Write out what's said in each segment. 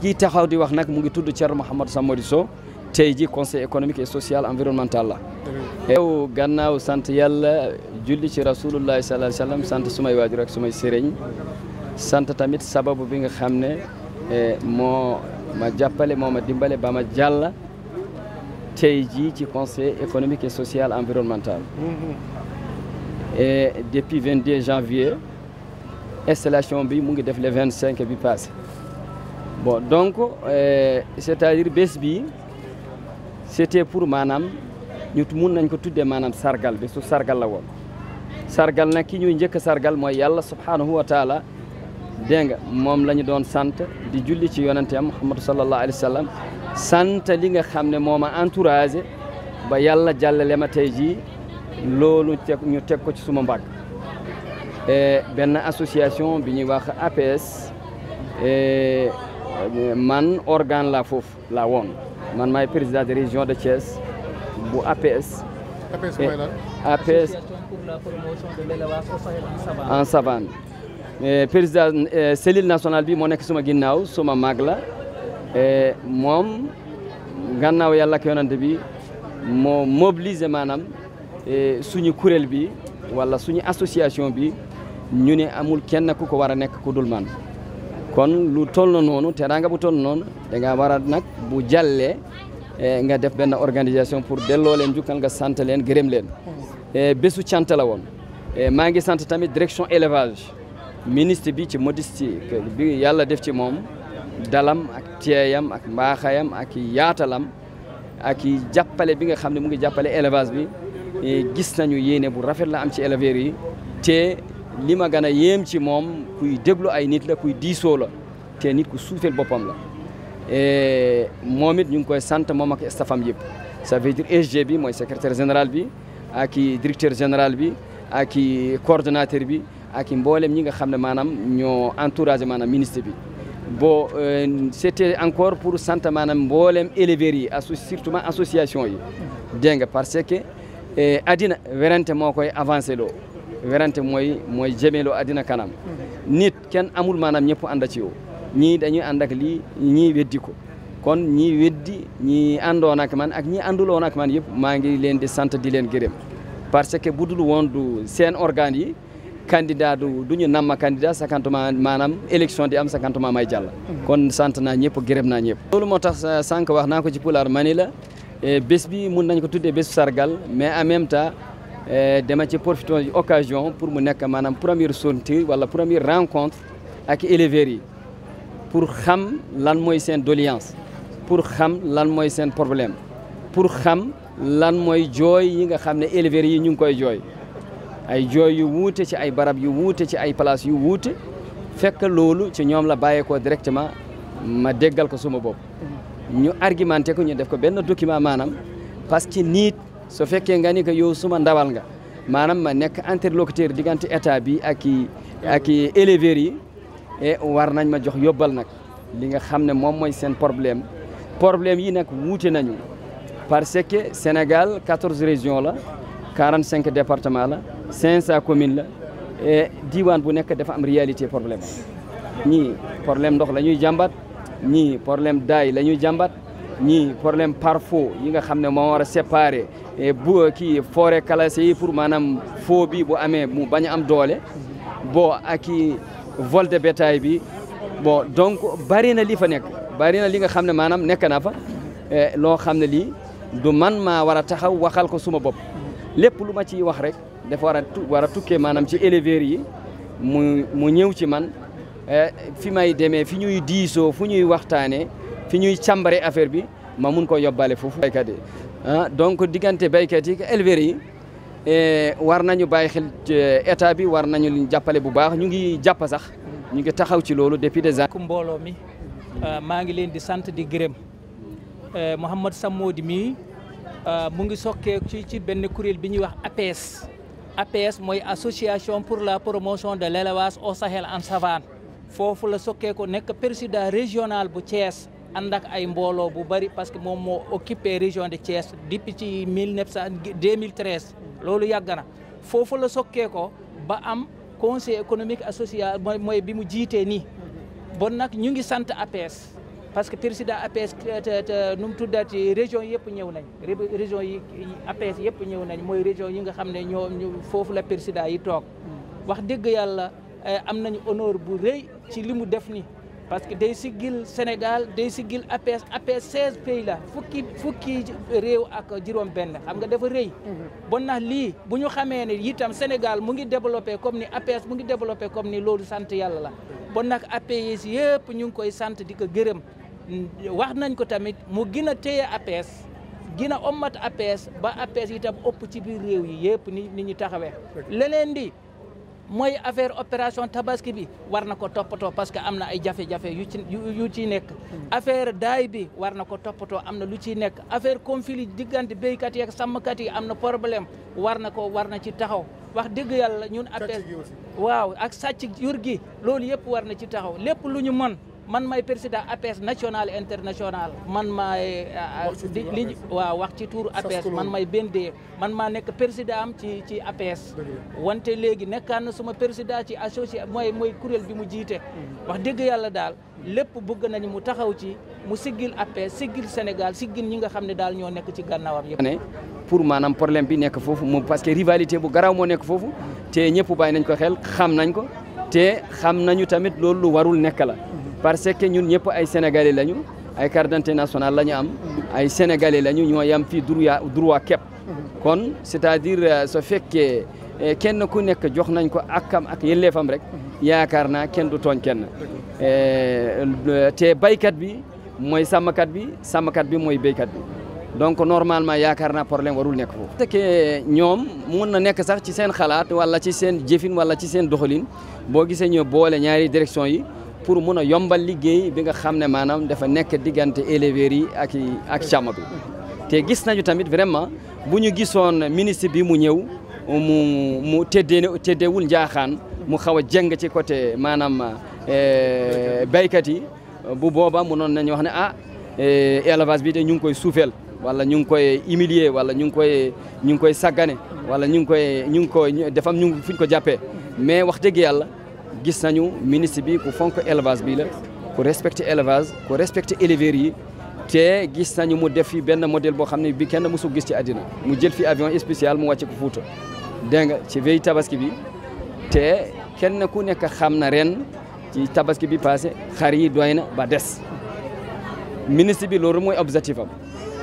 kii taxaw di wax nag mu ngi tudd Thierno Mouhamadou Samori Sow tey ji conseil économique et social environnemental la yow gannaaw sant yàlla julli ci rasulullahi sallallahu alayhi sant sumay waajur ak sumay sëriñ sant tamit sababu bi nga xam ne e, moo ma jàppale moo ma dimbale ba ma jàll tey jii ci conseil économique et social environnemental et depuis 22 janvier installation bi mu ngi def le 25 bi passé bon donc euh, c'est-à-dire bés bi c'était pour maanaam ñu mun nañ ko tuddee maanaam sargal bi su sargal la woon sargal na ki ñuy njëkk sargal mooy yàlla subhaanahu wa taala dégg nga moom la ñu doon sant di julli ci yonente am muhammadu sallallahu alayhi wa sant li nga xam ne moo ma entouragé ba yàlla jàllale ma tey jii loolu teg ñu teg ko ci suma mbagg eh, benn association bi ñuy wax APS eh, Eh, man organe la foofu la woon man maay président de région de Thiès bu APS. APS mooy lan eh, APS. pour la en savane. en eh, président cellule nationale bi moo nekk suma ginnaaw suma mag la moom gannaaw yàlla ak yonante bi moo mobiliser maanaam suñu kuréel bi wala suñu association bi ñu ne amul kenn ku ko war a nekk ku dul man. kon lu toll noonu teraanga bu toll noonu da nga war a nag bu jàllee eh, nga def benn organisation pour delloo leen jukkal nga sant leen gërëm leen mm. eh, bésu cant la woon eh, maa ngi sant tamit direction élevage ministre bi ci modestie bi yàlla def ci moom dalam ak teeyam ak mbaaxayam ak yaatalam ak jàppale bi nga xam ne mu ngi jàppale élevage bi gis nañu yéene bu rafet la am ci éleveurs yi li ma gën a moom kuy déglu ay nit la kuy diisoo la te nit ku suufeel boppam la moom it ñu ngi koy sant moom ak staffam yëpp ça veut dire bi mooy secrétaire général bi ak i directeur général bi ak i coordonnateur bi ak i mboolem ñi nga xam ne maanaam ñoo entouragé maanaam ministre bi bon euh, c'était encore pour sant maanaam mboolem éleveurs yi asso surtout association yi dégg nga parce que àddina euh, werante moo koy avance loo werante mooy mooy jëmeeloo addina kanam nit kenn amul maanaam ñëpp ànd ci yow ñii dañuy ànd ak lii ñii weddi ko kon ñii weddi ñi àndoon ak man ak ñi ànduloon ak man yëpp maa ngi leen di sant di leen gërëm parce que bu dul woon du seen organi yi candidat du du ñu namma candidat cinquantement maanaam élection di am cinquantement may jàll kon sant naa ñëpp gërëm naa ñëpp loolu moo tax sànq wax naa ko ci pulaar mani la eh, bés bi mun nañ ko tuddee bésu sargal mais en même temps Eh, dama ci profité occasion pour mu nekk maanaam première sortie wala première rencontre ak éleveurs yi pour xam lan mooy seen doléance pour xam lan mooy seen problème pour xam lan mooy jooy yi nga xam ne éleveurs yi ñu ngi koy jooy ay jooy yu wuute ci ay barab yu wuute ci ay place yu wuute fekk loolu ci ñoom la bàyyeekoo directement ma déggal ko suma bopp ñu argumenté ko ñu def ko benn document maanaam parce niit so fekkee nga ni ko yow suma ndawal nga maanaam ma nekk interlocuteur diggante état bii ak i ak i yi eh, war nañ ma jox yóbbal nag li nga xam ne moom mooy seen problème problème yi nag wuute nañu parce que Sénégal 14 régions la cinq département la 500 communes la et eh, diwaan bu nekk dafa am réalité problème ñii problème ndox lañuy ñuy jàmbat ñii problème daay la ñuy jàmbat ñii problème parfo yi nga xam ne moo war a séparer E bu kii forêt classée yi pour maanaam foo bi bu amee mu bañ a am doole bon aki i vol de bétail bi bo donc bari na li fa nekk bari na li nga xam ne maanaam nekk na fa e loo xam ne lii du man maa war a taxaw waxal ko suma bopp lépp lu ma ci wax rek dafa war a war a tukkee maanaam ci éleveurs yi mu mu ñëw ci man e fi may demee fi ñuy diisoo fu ñuy waxtaanee fi ñuy càmbare affaire bi ma mun ko yóbbaale foofu baykat yi Ah, donc diggante béykat yi éleveurs yi eh, war nañu bàyyi xel eh, état bi war nañu liñ jàppale bu baax ñu ngi jàpp sax ñu ngi taxaw ci loolu depuis de années. mbooloo mi ah, maa ngi leen di sant di gërëm eh, Mouhamed Samodi mii ah, mu ngi sokkee ci ci benn kuréel bi ñuy wax APS APS mooy association pour la promotion de l'élevage au Sahel en savane foofu la sokkee ko nekk président régional bu Thiès. ànd ak ay mbooloo bu bari parce que moom moo occupé région de Thiès depuis ci mille neuf cent deux mille treize loolu yàgg na foofu la sokkee ko ba am conseil économique et social mooy bi mu jiitee nii bon nag ñu ngi sant APS parce que président APS nu mu tuddaat ci région yëpp ñëw nañ région yi APS yëpp ñëw nañ mooy région yi nga xam ne ñoo foofu la président yi toog wax dëgg yàlla eh, am nañu honneur bu rëy ci li mu def nii parce que day siggil Sénégal day siggil APS APS 16 pays la fukki fukki réew ak juróom-benn xam nga dafa rëy. Mhm. bon na lii bu ñu xamee ne itam Sénégal mu ngi développé comme ni APS mu ngi développé comme ni loolu sant yàlla la. bon nag APS yëpp ñu ngi koy sant di ko gërëm wax nañ ko tamit mu gën a téye APS. gina ommat APS ba APS itam ëpp ci biir réew yi yëpp ni ni ñu taxawee di mooy affaire opération tabaski bi war na ko toppatoo parce que am na ay jafe-jafe yu ci yu ciy nekk. Hmm. affaire daay bi war na ko toppatoo am na lu ciy nekk affaire conflit diggante béykat yi ak sàmmkat yi am na problème war na ko war na ci taxaw wax dëgg yàlla ñun. appel waaw ak sàcc jur gi loolu yëpp war na ci taxaw lépp lu ñu mën. man may président APS national international man maay euh, li waaw wax ci tour APS man may bendee man maa nekk président am ci ci APS wante léegi nekkaan na suma président ci associé mooy mooy kuréel bi mu jiite mm-hmm. wax dëgg yàlla daal lépp bëgg nañu mu taxaw ci mu siggil APS siggil Sénégal siggil ñi nga xam ne daal ñoo nekk ci gànnaawam yëpp ne pour maanaam problème bi nekk foofu moom parce que rivalité bu garaw moo nekk foofu te ñëpp baay nañ ko xel xam nañ ko te xam nañu tamit loolu warul nekk la parce que ñun ñëpp ay sénégalais lañu ay carte d'identité nationale la ñu am ay sénégalais lañu ñoo yam fii droit droit képp kon c'est-à-dire su euh, fekkee euh, kenn ku nekk jox nañ ko ak akkam ak yelleefam rek yaakaar naa kenn du tooñ kenn euh, te baykat bi mooy sàmmkat bi sàmmkat bi mooy béykat bi donc normalement yaakaar naa problème warul nekk foofu. parce que ñoom mun na nekk sax ci seen xalaat wala ci seen jëfin wala ci seen doxalin boo gisee ñu boole ñaari direction yi. pour mun a yombal liggéey bi nga xam ne maanaam dafa nekk diggante éleveurs yi ak ak càmm bi te gis nañu tamit vraiment bu ñu gisoon ministre bi mu ñëw mu mu tëddee tëddeewul njaaxaan mu xaw a jëng ci côté maanaam eh, béykat yi bu boobaa munoon nañu wax ne ah eh, élevage bi de ñu ngi koy suufeel wala ñu ngi koy humilier wala ñu ngi koy ñu ngi koy saggane wala ñu ngi koy ñu ngi koy defam ñu ngi fuñ ko jàppee mais wax dëgg yàlla. gis nañu ministre bi ku fonk élevage bi la ku respecté élevage ku respecté éleveurs yi te gis nañu mu def fi benn modèle boo xam ne bi kenn mësu gis ci àddina mu jël fi avion spécial mu wàcc ko Fuuta dégg nga ci veille tabaski bi te kenn ku nekk xam na ren ci tabaski bi passé xar yi doy na ba des ministre bi loolu mooy objectif am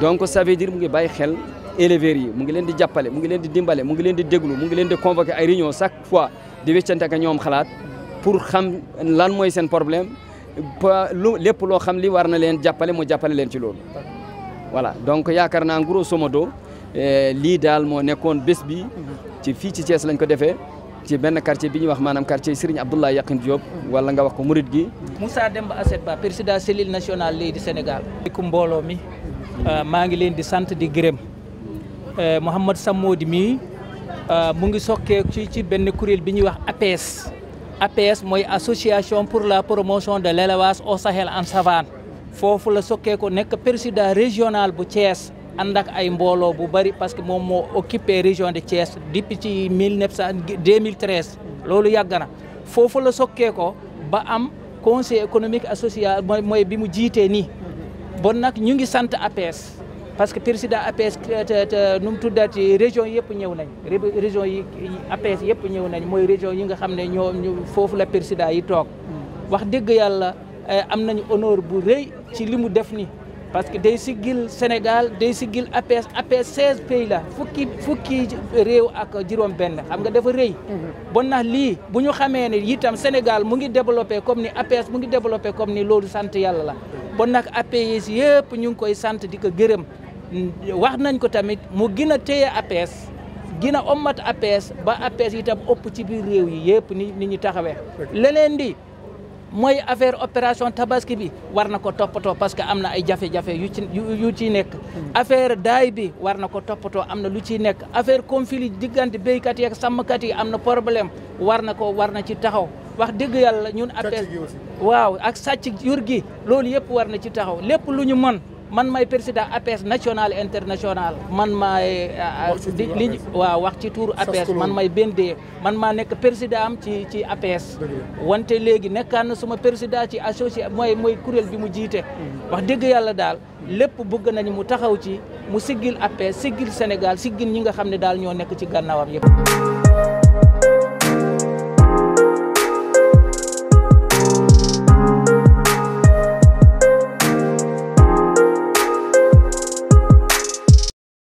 donc ça veut dire mu ngi bàyyi xel éleveurs yi mu ngi leen di jàppale mu ngi leen di dimbale mu ngi leen di déglu mu ngi leen di convoqué ay réunion chaque di wéccante ñoom xalaat pour xam lan mooy seen problème lu lépp loo xam li war na leen jàppale mu jàppale leen ci loolu voilà donc yaakaar naa grosso modo eh, lii daal moo nekkoon bés bi ci fii ci cees lañ ko defee ci benn quartier bi ñuy wax maanaam quartier Serigne Abdoulaye Yakhine Diop wala nga wax ko Murit gi. musa Demba Asset Ba président cellule national lii di Sénégal. asalaamaaleykum mbooloo mi euh, maa ngi leen di sant di gërëm euh, Mouhamed Samodi mii euh, mu ngi sokkee ci ci benn kuréel bi ñuy wax APS. APS mooy association pour la promotion de l'élevage au Sahel en savane foofu la sokkeeku nekk président régional bu Thiès ànd ak ay mbooloo bu bari parce que moom moo occupé région de Thiès depuis ci mille neuf cent deux mille treize loolu yàgg foofu la sokkeekoo ba am conseil économique associal mooy bi mu jiitee nii bon nag ñu ngi sant APS parce que président APS euh, nu mu tuddati région yëpp ñëw nañ région yi APS yëpp ñëw nañ mooy région yi nga xam ne ñoo foofu la président yi toog mm. wax dëgg yàlla eh, am nañu honneur bu rëy ci li mu def ni parce que day siggil Sénégal day siggil APS APS 16 pays la fukki fukki réew ak juróom benn xam nga dafa rëy mm-hmm. bon na lii bu ñu xamee ne itam Sénégal mu ngi développé comme ni APS mu ngi développé comme ni loolu sant yàlla la bon nag APS yëpp ñu ngi koy sant di ko gërëm wax nañ ko tamit mu gën a téye APS gën a ommat APS ba APS itam ëpp ci biir réew yi yëpp ni ni ñu taxawee leneen di mooy affaire opération tabaski bi war na ko toppatoo parce que am na ay jafe yu ci yu ciy nekk affaire daay bi war na ko toppatoo am na lu ciy nekk affaire conflit diggante béykat yi ak sàmmkat yi am na problème war na ko war na ci taxaw wax dëgg yàlla ñun APS waaw ak sàcc jur gi loolu yëpp war na ci taxaw lépp lu ñu mën man may président APS national international man maay li euh, waa euh, wax ci tuur APS man may benn dee man maa nekk président am ci ci APS wante léegi nekkaan na suma président ci associé mooy mooy kuréel bi mu jiite mm-hmm. wax dëgg yàlla daal lépp bëgg nañu mu taxaw ci mu siggil APS siggil Sénégal siggil ñi nga xam ne daal ñoo nekk ci gànnaawam yëpp